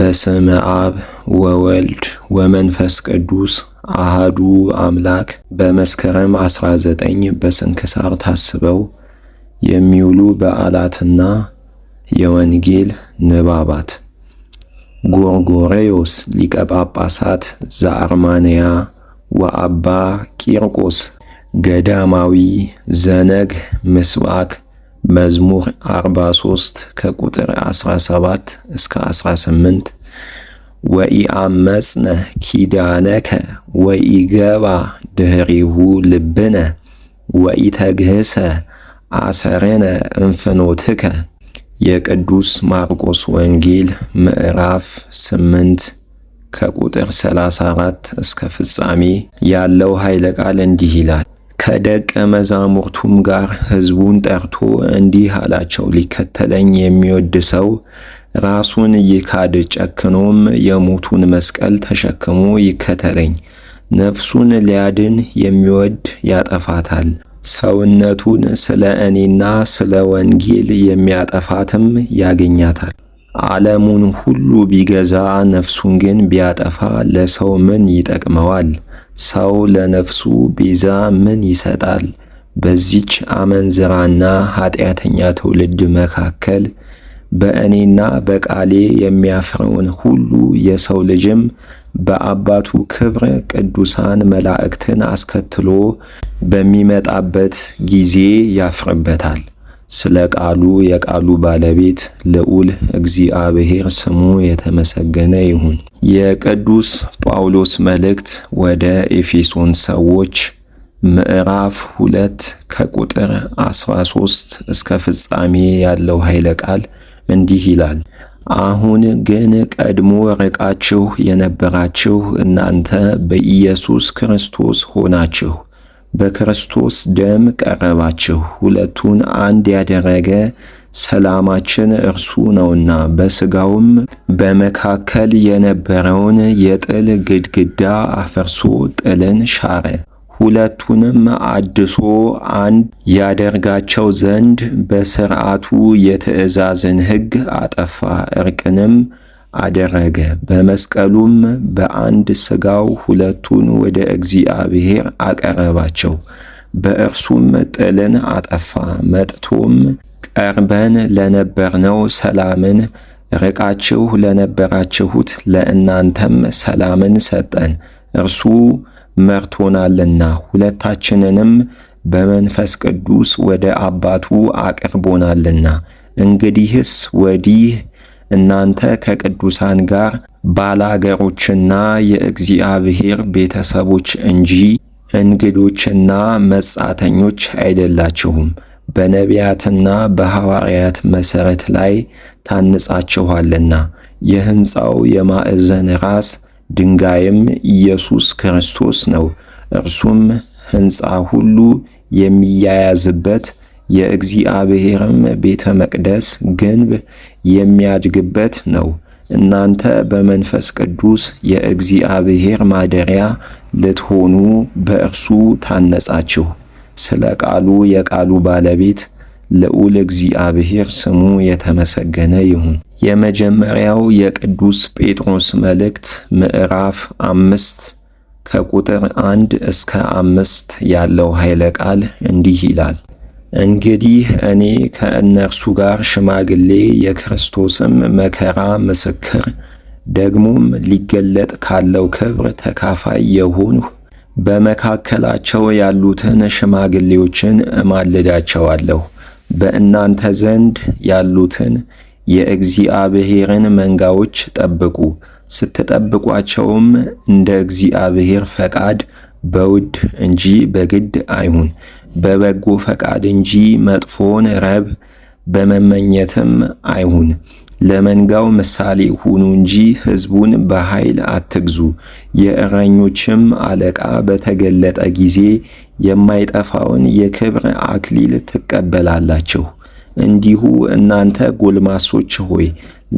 በስመ አብ ወወልድ ወመንፈስ ቅዱስ አህዱ አምላክ። በመስከረም 19 በስንክሳር ታስበው የሚውሉ በዓላትና የወንጌል ንባባት ጎርጎሬዎስ ሊቀ ጳጳሳት ዘአርማንያ ወአባ ቂርቆስ ገዳማዊ ዘነግ ምስባክ መዝሙር 43 ከቁጥር 17 እስከ 18 ወኢአመጽነ ኪዳነከ ወኢገባ ድህሪሁ ልብነ ወኢተግህሰ አሰረነ እንፍኖትከ። የቅዱስ ማርቆስ ወንጌል ምዕራፍ 8 ከቁጥር 34 እስከ ፍጻሜ ያለው ኃይለ ቃል እንዲህ ይላል። ከደቀ መዛሙርቱም ጋር ሕዝቡን ጠርቶ እንዲህ አላቸው፣ ሊከተለኝ የሚወድ ሰው ራሱን ይካድ፣ ጨክኖም የሞቱን መስቀል ተሸክሞ ይከተለኝ። ነፍሱን ሊያድን የሚወድ ያጠፋታል፣ ሰውነቱን ስለ እኔና ስለ ወንጌል የሚያጠፋትም ያገኛታል። ዓለሙን ሁሉ ቢገዛ ነፍሱን ግን ቢያጠፋ ለሰው ምን ይጠቅመዋል? ሰው ለነፍሱ ቤዛ ምን ይሰጣል? በዚች አመንዝራና ኀጢአተኛ ትውልድ መካከል በእኔና በቃሌ የሚያፍረውን ሁሉ የሰው ልጅም በአባቱ ክብር ቅዱሳን መላእክትን አስከትሎ በሚመጣበት ጊዜ ያፍርበታል። ስለ ቃሉ የቃሉ ባለቤት ልዑል እግዚአብሔር ስሙ የተመሰገነ ይሁን። የቅዱስ ጳውሎስ መልእክት ወደ ኤፌሶን ሰዎች ምዕራፍ ሁለት ከቁጥር 13 እስከ ፍጻሜ ያለው ኃይለ ቃል እንዲህ ይላል። አሁን ግን ቀድሞ ርቃችሁ የነበራችሁ እናንተ በኢየሱስ ክርስቶስ ሆናችሁ በክርስቶስ ደም ቀረባችሁ። ሁለቱን አንድ ያደረገ ሰላማችን እርሱ ነውና በስጋውም በመካከል የነበረውን የጥል ግድግዳ አፈርሶ ጥልን ሻረ፣ ሁለቱንም አድሶ አንድ ያደርጋቸው ዘንድ በሥርዓቱ የትእዛዝን ሕግ አጠፋ፣ እርቅንም አደረገ። በመስቀሉም በአንድ ስጋው ሁለቱን ወደ እግዚአብሔር አቀረባቸው። በእርሱም ጥልን አጠፋ። መጥቶም ቀርበን ለነበርነው ሰላምን ርቃችሁ ለነበራችሁት ለእናንተም ሰላምን ሰጠን፣ እርሱ መርቶናልና ሁለታችንንም በመንፈስ ቅዱስ ወደ አባቱ አቅርቦናልና። እንግዲህስ ወዲህ እናንተ ከቅዱሳን ጋር ባላገሮችና የእግዚአብሔር ቤተሰቦች እንጂ እንግዶችና መጻተኞች አይደላችሁም። በነቢያትና በሐዋርያት መሠረት ላይ ታንጻችኋልና። የሕንፃው የማዕዘን ራስ ድንጋይም ኢየሱስ ክርስቶስ ነው። እርሱም ሕንፃ ሁሉ የሚያያዝበት የእግዚአብሔርም ቤተ መቅደስ ግንብ የሚያድግበት ነው። እናንተ በመንፈስ ቅዱስ የእግዚአብሔር ማደሪያ ልትሆኑ በእርሱ ታነጻችሁ። ስለ ቃሉ የቃሉ ባለቤት ልዑል እግዚአብሔር ስሙ የተመሰገነ ይሁን። የመጀመሪያው የቅዱስ ጴጥሮስ መልእክት ምዕራፍ አምስት ከቁጥር አንድ እስከ አምስት ያለው ኃይለ ቃል እንዲህ ይላል። እንግዲህ እኔ ከእነርሱ ጋር ሽማግሌ የክርስቶስም መከራ ምስክር ደግሞም ሊገለጥ ካለው ክብር ተካፋይ የሆንሁ በመካከላቸው ያሉትን ሽማግሌዎችን እማልዳቸዋለሁ፣ በእናንተ ዘንድ ያሉትን የእግዚአብሔርን መንጋዎች ጠብቁ። ስትጠብቋቸውም እንደ እግዚአብሔር ፈቃድ በውድ እንጂ በግድ አይሁን፣ በበጎ ፈቃድ እንጂ መጥፎን ረብ በመመኘትም አይሁን። ለመንጋው ምሳሌ ሁኑ እንጂ ሕዝቡን በኃይል አትግዙ። የእረኞችም አለቃ በተገለጠ ጊዜ የማይጠፋውን የክብር አክሊል ትቀበላላችሁ። እንዲሁ እናንተ ጎልማሶች ሆይ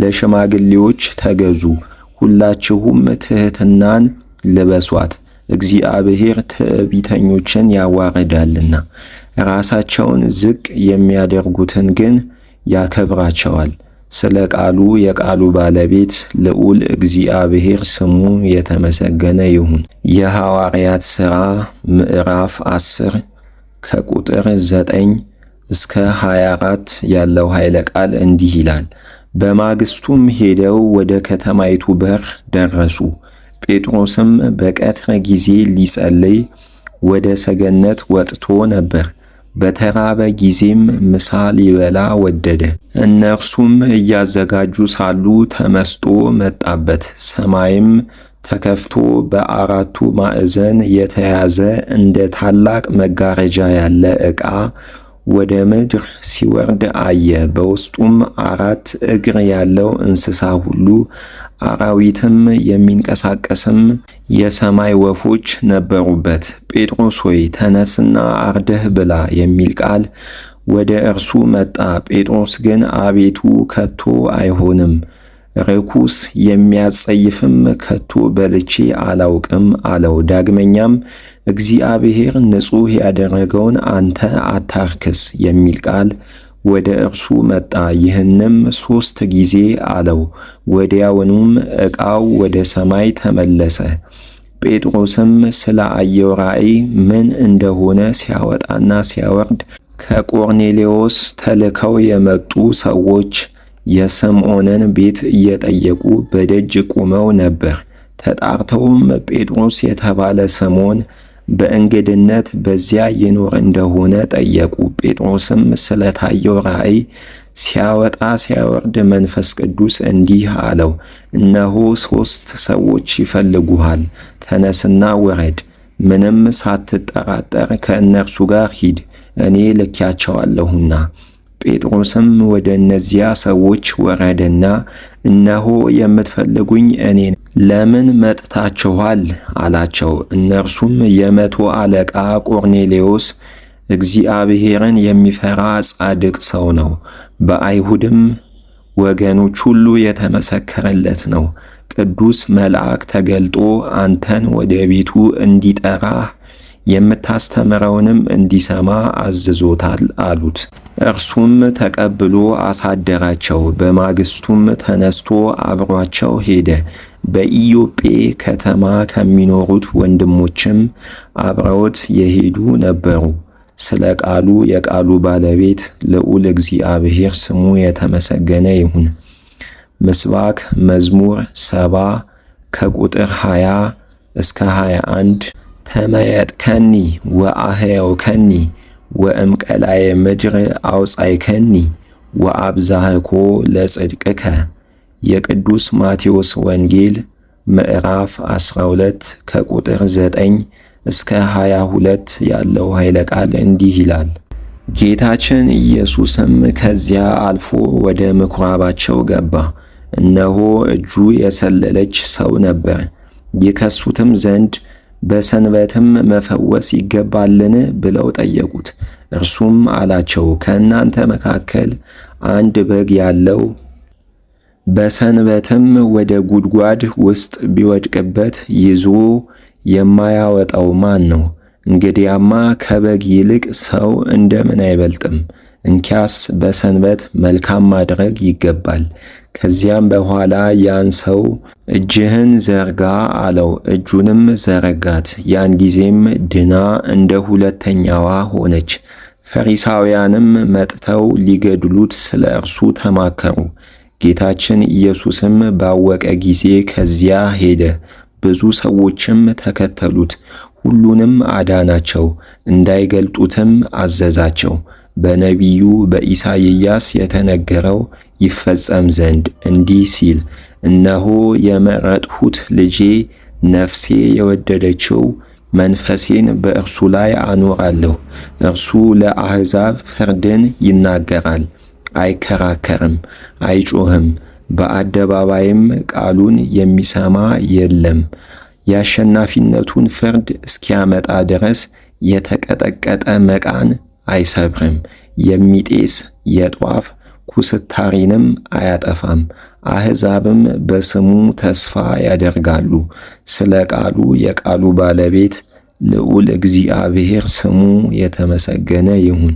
ለሽማግሌዎች ተገዙ፣ ሁላችሁም ትሕትናን ልበሷት። እግዚአብሔር ትዕቢተኞችን ያዋርዳልና ራሳቸውን ዝቅ የሚያደርጉትን ግን ያከብራቸዋል። ስለ ቃሉ የቃሉ ባለቤት ልዑል እግዚአብሔር ስሙ የተመሰገነ ይሁን። የሐዋርያት ሥራ ምዕራፍ 10 ከቁጥር 9 እስከ 24 ያለው ኃይለ ቃል እንዲህ ይላል። በማግስቱም ሄደው ወደ ከተማይቱ በር ደረሱ። ጴጥሮስም በቀትር ጊዜ ሊጸልይ ወደ ሰገነት ወጥቶ ነበር። በተራበ ጊዜም ምሳ ሊበላ ወደደ። እነርሱም እያዘጋጁ ሳሉ ተመስጦ መጣበት። ሰማይም ተከፍቶ በአራቱ ማዕዘን የተያዘ እንደ ታላቅ መጋረጃ ያለ ዕቃ ወደ ምድር ሲወርድ አየ። በውስጡም አራት እግር ያለው እንስሳ ሁሉ አራዊትም የሚንቀሳቀስም የሰማይ ወፎች ነበሩበት። ጴጥሮስ ሆይ ተነስና አርደህ ብላ የሚል ቃል ወደ እርሱ መጣ። ጴጥሮስ ግን አቤቱ ከቶ አይሆንም ርኩስ የሚያጸይፍም ከቶ በልቼ አላውቅም አለው። ዳግመኛም እግዚአብሔር ንጹሕ ያደረገውን አንተ አታርክስ የሚል ቃል ወደ እርሱ መጣ። ይህንም ሦስት ጊዜ አለው። ወዲያውኑም ዕቃው ወደ ሰማይ ተመለሰ። ጴጥሮስም ስለ አየው ራእይ ምን እንደሆነ ሲያወጣና ሲያወርድ ከቆርኔሌዎስ ተልከው የመጡ ሰዎች የስምዖንን ቤት እየጠየቁ በደጅ ቆመው ነበር። ተጣርተውም ጴጥሮስ የተባለ ስምዖን በእንግድነት በዚያ ይኖር እንደሆነ ጠየቁ። ጴጥሮስም ስለታየው ራእይ ሲያወጣ ሲያወርድ መንፈስ ቅዱስ እንዲህ አለው፣ እነሆ ሦስት ሰዎች ይፈልጉሃል። ተነስና ወረድ፣ ምንም ሳትጠራጠር ከእነርሱ ጋር ሂድ፣ እኔ ልኪያቸዋለሁና። ጴጥሮስም ወደ እነዚያ ሰዎች ወረደና እነሆ የምትፈልጉኝ እኔ ለምን መጥታችኋል? አላቸው። እነርሱም የመቶ አለቃ ቆርኔሌዎስ እግዚአብሔርን የሚፈራ ጻድቅ ሰው ነው፣ በአይሁድም ወገኖች ሁሉ የተመሰከረለት ነው። ቅዱስ መልአክ ተገልጦ አንተን ወደ ቤቱ እንዲጠራህ የምታስተምረውንም እንዲሰማ አዝዞታል አሉት። እርሱም ተቀብሎ አሳደራቸው። በማግስቱም ተነስቶ አብሯቸው ሄደ። በኢዮጴ ከተማ ከሚኖሩት ወንድሞችም አብረውት የሄዱ ነበሩ። ስለ ቃሉ የቃሉ ባለቤት ልዑል እግዚአብሔር ስሙ የተመሰገነ ይሁን። ምስባክ መዝሙር ሰባ ከቁጥር 20 እስከ 21 ተመየጥከኒ ከኒ! ወእምቀላየ ምድር አውጻይከኒ ወአብዛህኮ ለጽድቅከ። የቅዱስ ማቴዎስ ወንጌል ምዕራፍ 12 ከቁጥር 9 እስከ 22 ያለው ኃይለ ቃል እንዲህ ይላል። ጌታችን ኢየሱስም ከዚያ አልፎ ወደ ምኩራባቸው ገባ። እነሆ እጁ የሰለለች ሰው ነበር። ይከሱትም ዘንድ በሰንበትም መፈወስ ይገባልን ብለው ጠየቁት። እርሱም አላቸው ከእናንተ መካከል አንድ በግ ያለው በሰንበትም ወደ ጉድጓድ ውስጥ ቢወድቅበት ይዞ የማያወጣው ማን ነው? እንግዲያማ ከበግ ይልቅ ሰው እንደምን አይበልጥም? እንኪያስ በሰንበት መልካም ማድረግ ይገባል። ከዚያም በኋላ ያን ሰው እጅህን ዘርጋ አለው። እጁንም ዘረጋት፣ ያን ጊዜም ድና እንደ ሁለተኛዋ ሆነች። ፈሪሳውያንም መጥተው ሊገድሉት ስለ እርሱ ተማከሩ። ጌታችን ኢየሱስም ባወቀ ጊዜ ከዚያ ሄደ። ብዙ ሰዎችም ተከተሉት። ሁሉንም አዳናቸው፣ እንዳይገልጡትም አዘዛቸው። በነቢዩ በኢሳይያስ የተነገረው ይፈጸም ዘንድ እንዲህ ሲል እነሆ የመረጥሁት ልጄ ነፍሴ የወደደችው መንፈሴን በእርሱ ላይ አኖራለሁ። እርሱ ለአሕዛብ ፍርድን ይናገራል፣ አይከራከርም፣ አይጮህም፣ በአደባባይም ቃሉን የሚሰማ የለም። የአሸናፊነቱን ፍርድ እስኪያመጣ ድረስ የተቀጠቀጠ መቃን አይሰብርም፣ የሚጤስ የጧፍ ኩስታሪንም አያጠፋም። አሕዛብም በስሙ ተስፋ ያደርጋሉ። ስለ ቃሉ የቃሉ ባለቤት ልዑል እግዚአብሔር ስሙ የተመሰገነ ይሁን።